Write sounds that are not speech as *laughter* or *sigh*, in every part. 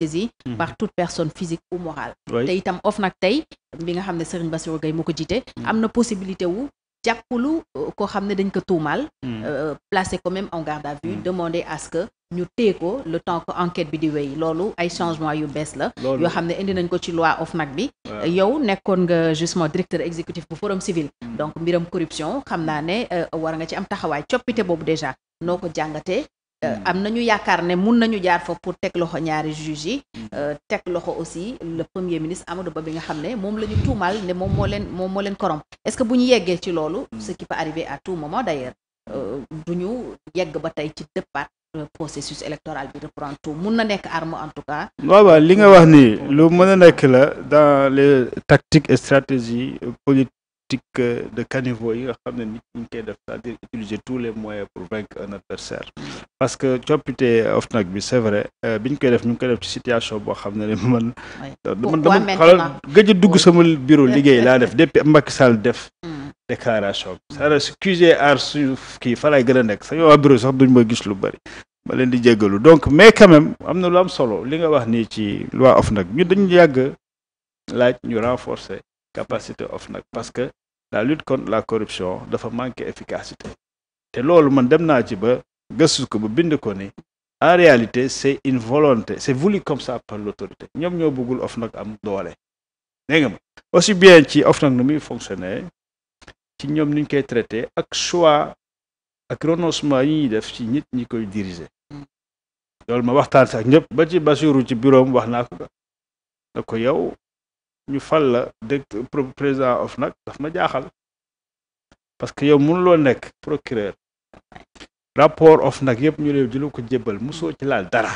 saisie mhm. par toute personne physique ou morale te itam nag tey bi nga xam ne Serigne Bassirou Gueye moo ko jiite mhm. am na possibilité wu jàppalu euh, koo xam ne dañ ko tuumaal mhm. euh, placé comme même en garde à vue demander à que ñu téye ko le temps que enquête bi di wéy loolu ay changement yu bees la yoo xam ne indi nañ ko ci loi nag bi yow nekkoon nga justement directeur exécutif bu forum civil donc mbiram corruption xam naa ne euh, war nga ci am taxawaay coppite boobu déjà noo ko jàngatee Euh, hmm. am nañu yaakaar ne mun na ñu jaar foofu pour teg loxo ñaari juge yi hmm. euh, teg loxo aussi le premier ministre Amadou Ba bi nga xam ne moom la ñu tuumal ne moom moo leen moom moo leen korom est-ce que bu ñu yeggee ci loolu hmm. ce qui peut arriver à tout moment d'ailleurs euh, du ñu yegg ba tey ci départ processus électoral bi reprend tout mun na nekk arme en tout cas waaw li nga wax ni lu mën a nekk la dans les tactiques et stratégies politiques tactique de caniveau yi nga xam ne nit ñi koy def cest à utiliser tous les moyens pour vaincre un adversaire parce que coppite OFNAC bi c'est vrai euh, bi ñu koy def ñu ngi koy def ci situation boo xam ne ne man man dama gëj a dugg sama bureau *laughs* liggéey laa def depuis Macky Sall def mm. déclaration bi c'est-à-dire su kii fa laay gën a nekk sax yow waa bureau sax duñ ma gis lu bari ma leen di jéggalu donc mais quand même am na lu am solo li nga wax nii ci loi OFNAC ñu dañu yàgg laaj ñu renforcer capacité nag parce que la lutte contre la corruption dafa manqué efficacité te loolu man dem naa ci ba gëstu ko ba bind ko ni en réalité c'est une volonté c'est voulu comme ça par l'autorité ñoom ñoo bëggul nag am doole dégg ma aussi bien ci OFNAC nu muy fonctionner ci ñoom ni koy traité ak choix ak renoncement yi ñuy def ci nit ñi koy diriger loolu ma waxtaan sax ñëpp ba ci Bassirou ci bureau wax naa ko da ko yow ñu fal la dëkk président nag daf ma jaaxal parce que yow mënuloo nekk procureur rapport of nag yëpp ñu réew di ko jébbal mosoo ci laal dara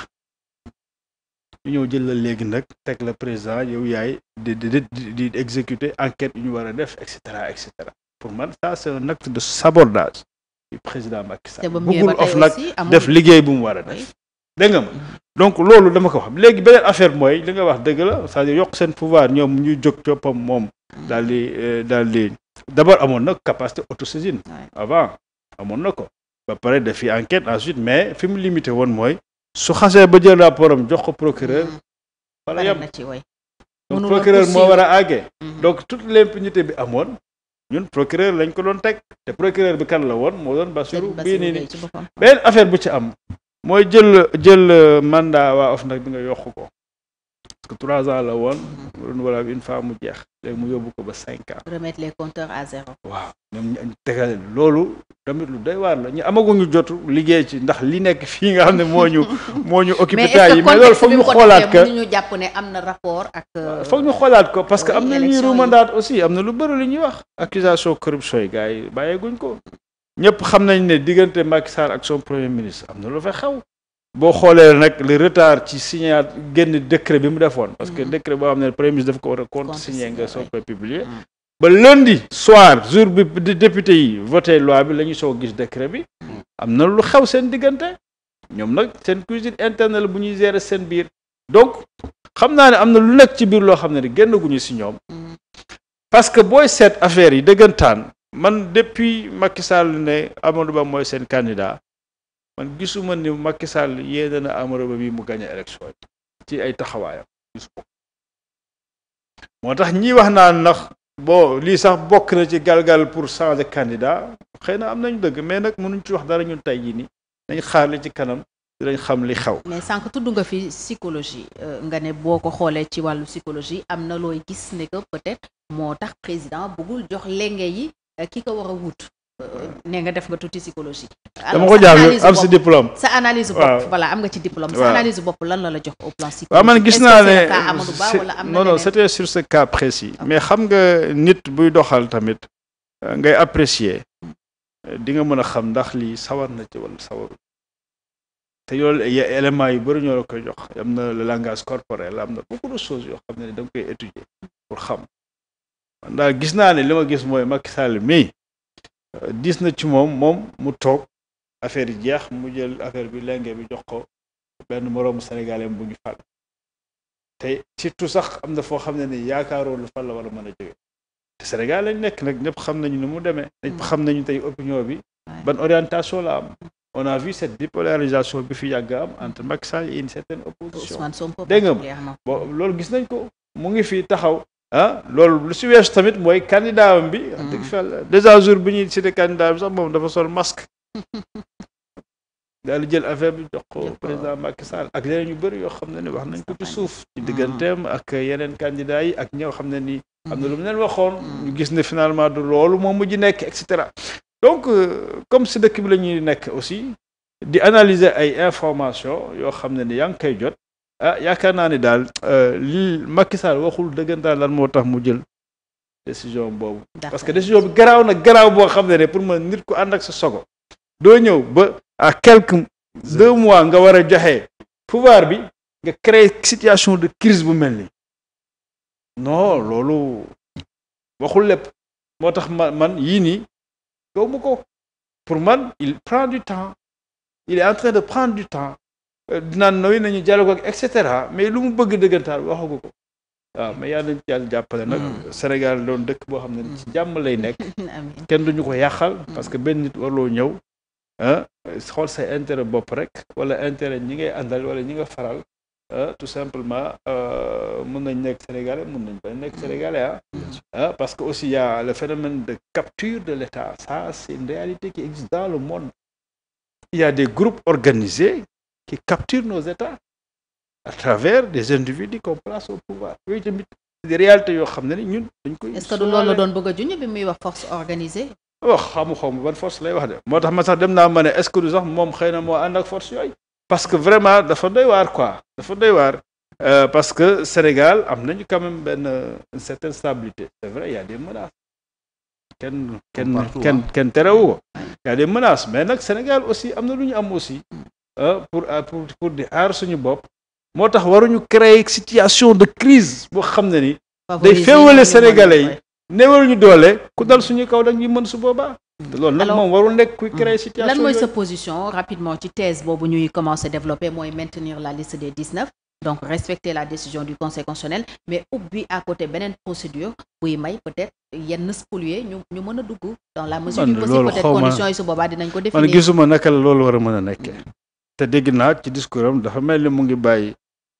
ñu ñëw jël la léegi nag teg la président yow yaay di di di exécuter enquête yu ñu war a def et cetera et cetera pour man ça c'est un acte de sabordage du président Macky Sall bëggul OFNAC def liggéey bu mu war a def dégg ma mm-hmm. donc loolu dama ko xam léegi beneen affaire mooy li nga wax dëgg la cest dire yokk seen pouvoir ñoom ñu jóg coppam moom daal di euh, daal di d'abord amoon na capacité autosaisine avant amoon na ko ba pare dafi enquête ensuite mais fi mu limité woon mooy su xasee ba jël rapport am jox ko procureur wala mm-hmm. yem donc procureur moo war a àggee mm-hmm. donc toute l'impunité bi amoon ñun procureur lañ ko doon teg te procureur bi kan la woon moo doon Bassirou bii nii nii beneen affaire bu ci am mooy jël jël euh, mandat waa OFNAC bi nga yokk ko parce que la woon mhm. renouvelable une fois mu jeex léegi mu yóbbu ko ba cinq ans. remettre les compteurs à waaw ñoom ñu loolu tamit lu doy waar la ñu amaguñu jot liggéey ci ndax li nekk fii nga xam ne moo ñu. *laughs* moo ñu occupé taay yi mais loolu foog ñu xoolaat que ñu jàpp ne am na rapport ak. Euh, foog ñu xoolaat ko parce que am na ñuy rumandaat aussi am na lu bëri lu ñuy wax. accusation corruption yi gars yi bàyyeeguñ ko ñëpp xam nañ ne diggante Macky Sall ak son premier ministre am na lu fa xew boo xoolee nag le retard ci signé génn décret bi mu defoon. parce que mm-hmm. décret boo xam ne premier ministre daf ko war a compte signé nga soo koy publier. Mm. ba lundi soir jour bi député yi voté loi bi la ñu soo gis décret bi. Mm. am na lu xew seen diggante ñoom nag seen cuisine interne la bu ñuy gérer seen biir donc xam naa ne am na lu nekk ci biir loo xam ne génnaguñu si ñoom. Mm. parce que booy seet affaire yi dëggantaan. man depuis Macky Sall ne Amadou Ba mooy seen candidat man gisuma ni Macky Sall yéene na Amadou Ba bi mu gagné élection yi ci ay taxawaayam moo tax ñi wax naan ndax bon lii sax bokk na ci galgal pour changer candidat xëy na am nañu dëgg mais nag mënuñ ci wax dara ñun tey jii nii dañ xaar li ci kanam dinañ xam li xew. mais sànq tudd nga fi psychologie euh, nga ne boo ko xoolee ci wàllu psychologie am na looy gis ne que peut moo tax président bëggul jox lenge yi Euh, ki ko war a wut. ne nga def nga tuuti psychologie. dama ko jàng am si diplôme. sa analyse bopp voilà am nga ci diplôme. sa analyse bopp lan la la jox au plan psychologique. man gis naa ne non non c'était sur ce cas précis. mais xam nga nit buy doxal tamit euh, ngay apprécier di nga mën a xam ndax lii sawar na ci wala sawarul te loolu éléments yu bari ñoo la koy jox am na le langage corporel am na beaucoup de choses yoo xam ne da nga koy étudier pour xam. ndax gis naa ne li ma gis mooy Macky Sall mii diis na ci moom moom mu toog affaire yi jeex mu jël affaire bi lenge bi jox ko benn moroomu sénégalais bu ñu fal te surtout sax am na foo xam ne ni yaakaaroo lu fal la war a mën a jóge te Sénégal nekk nag ñëpp xam nañu ni mu demee. ñëpp mm. xam nañu tey opinion bi. ban orientation la am. Mm. on a vu bi bipolarisation bi fi yàgg am entre Macky Sall et une certaine opposition. dégg nga bon loolu gis nañ ko mu ngi fi taxaw. ah loolu lu si weesu tamit mooy candidat bi. wax dëgg fa dèjà jour bu ñuy cité candidat am sax moom dafa sol masque. daal di jël affaire bi jox ko président Macky ak yeneen yu bëri yoo xam ne ni wax nañ ko ci suuf. ci ah. digganteem ak yeneen candidats yi ak ñëw xam ne ni. xam na lu mu leen waxoon. Mm. ñu gis ne finalement du loolu moom mujj nekk et cetera. donc euh, comme si dëkk bi la ñuy nekk aussi di analyser ay information yoo xam ne ni yaa ngi koy jot. ah yaakaar naa ni daal euh, li Macky Sall waxul dëggantaan lan moo tax mu jël décision boobu. parce que décision bi garaaw nag garaaw boo xam ne ne pour man nit ku ànd ak sa sogo. doo ñëw ba à quelque deux mois nga war a joxe pouvoir bi nga créer situation de crise bu mel ni non loolu waxul lépp moo tax ma man yii nii gaw ma ko pour man il prend du temps il est en train de prendre du temps. dinaan nooy nañu dialogue ak et cetera mais lu mu bëgg dëggantaan waxagu ko waaw mais yàlla yàlla jàppale nag hmm. Sénégal doon dëkk boo xam ne hmm. ci jàmm lay nekk *laughs* kenn duñu ko yàqal hmm. parce que benn nit warloo ñëw ah, xool sa intérêt bopp rek wala intérêt ñi ngay àndal wala ñi nga faral ah, tout simplement euh, mën nañ nekk sénégalais mën nañ bañ nekk sénégalais ah. ah parce que aussi y a le phénomène de capture de l'État ça c'est une réalité qui existe dans le monde il des groupes organisés qui capturent nos États à travers des individus qu'on place au pouvoir yooyu tamit des réalités yoo xam ne ni ñun dañ koy. est-ce loolu la doon bëgg a junj bi muy wax force organisée. wax oh, xamu xamu ban force lay wax de moo tax ma sax dem naa ma ne est sax moom xëy na moo ànd ak force yooyu. parce que vraiment dafa doy waar quoi dafa doy waar. Euh, parce que Sénégal am nañu quand même benn une certaine stabilité c'est vrai il y a kenn kenn kenn terewu ko. y a mais nag Sénégal aussi am na lu ñu am aussi. Euh, pour euh, pour pour di aar suñu bopp moo tax waruñu créer situation de crise boo xam ne ni day féewale sénégalais yi néewaluñu doole ku dal suñu kaw dañuy mën su boobaa hmm. loolu nag moom warul nekk kuy hmm. créer situation lan mooy ci thèse boobu ñuy commencer développer mooy maintenir la liste des 19 donc respecter la décision du conseil constitutionnel mais ubbi à côté beneen procédure buy may peut-être yenn spoliés ñu mën a dugg dans la mesure du possible peut-être conditions yi su boobaa dinañ ko définir loolu war a mën a nekkee te dégg naa ci discours am dafa mel ni mu ngi bàyyi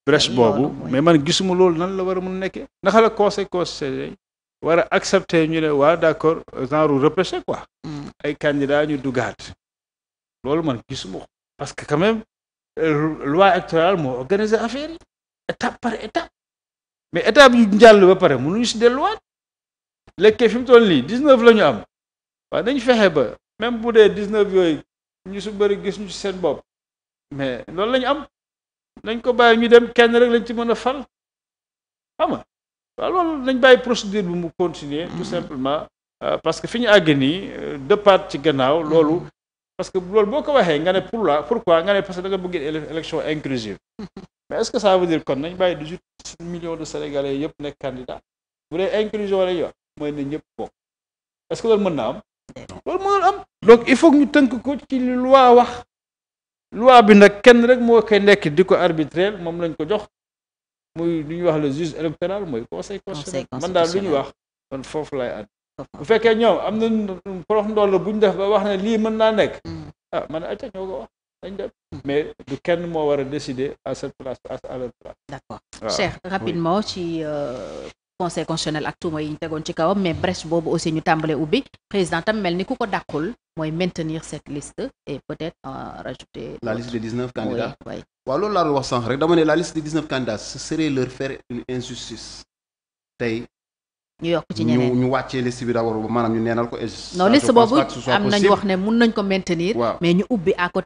brèche boobu mais man gisuma loolu nan la war a mun nekkee naka la conséquence war a accepter ñu ne waa d'accord genre repêché quoi hmm. ay candidats ñu dugaat loolu man gisuma ko parce que quand même euh, loi électorale moo organiser affaire yi étape par étape mais étape yu njàll ba pare mënuñu si delluwaat lekkee fi mu toll nii dix-neuf la ñu am waaw dañ fexe ba même bu dee dix yooyu ñu su bëri gis ñu seen bopp mais loolu lañu am nañ ko bàyyi ñu dem kenn rek lañ ci mën a fal xam nga waaw loolu nañ bàyyi procédure bi mu continuer tout simplement euh, parce que fi ñu àgg nii euh, dëppaat ci gannaaw loolu parce que loolu boo ko waxee nga ne pour la pourquoi nga ne parce que da nga bëgg élection inclusive *laughs* mais est-ce que ça veut dire kon nañ bàyyi dix-huit de sénégalais yëpp nekk candidat bu dee inclusion lay wax mooy ne ñëpp bokk est-ce que loolu mën na am loolu mënul am donc loi bi nag kenn rek moo koy nekk di ko arbitraire moom lañ ko jox muy lu ñuy wax le juge électoral mooy conseil constitutionnel man daal lu ñuy wax kon foofu lay at bu fekkee ñoom am na porox ndoll bu ñu def ba wax ne lii mën naa nekk mm. ah man acca ñoo ko wax dañ dem mm. mais du kenn moo war a décider à cette place à leur place d'accord Cheikh rapidement ci euh, conseil constitutionnel ak tuuma yi ñu tegoon ci kawam mais brèche boobu aussi ñu tàmbale ubbi président tam mel ni ku ko dàqul mooy maintenir cette liste et peut-être en rajouter. la liste des 19 candidats loolu laa wax sànq rek dama ne la liste des 19 candidats ce leur faire une injustice tey. ñu yokk ci ñeneen ñu wàccee liste bi d'abord maanaam ñu neenal ko. non liste boobu am nañu wax ne mun nañ ko maintenir. mais ñu ubbi à côté